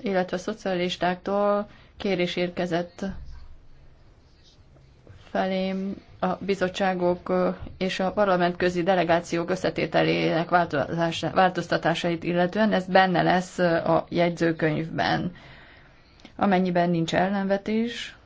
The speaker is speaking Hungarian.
illetve a szocialistáktól kérés érkezett felém a bizottságok és a parlament közi delegációk összetételének változtatásait illetően, ez benne lesz a jegyzőkönyvben. Amennyiben nincs ellenvetés,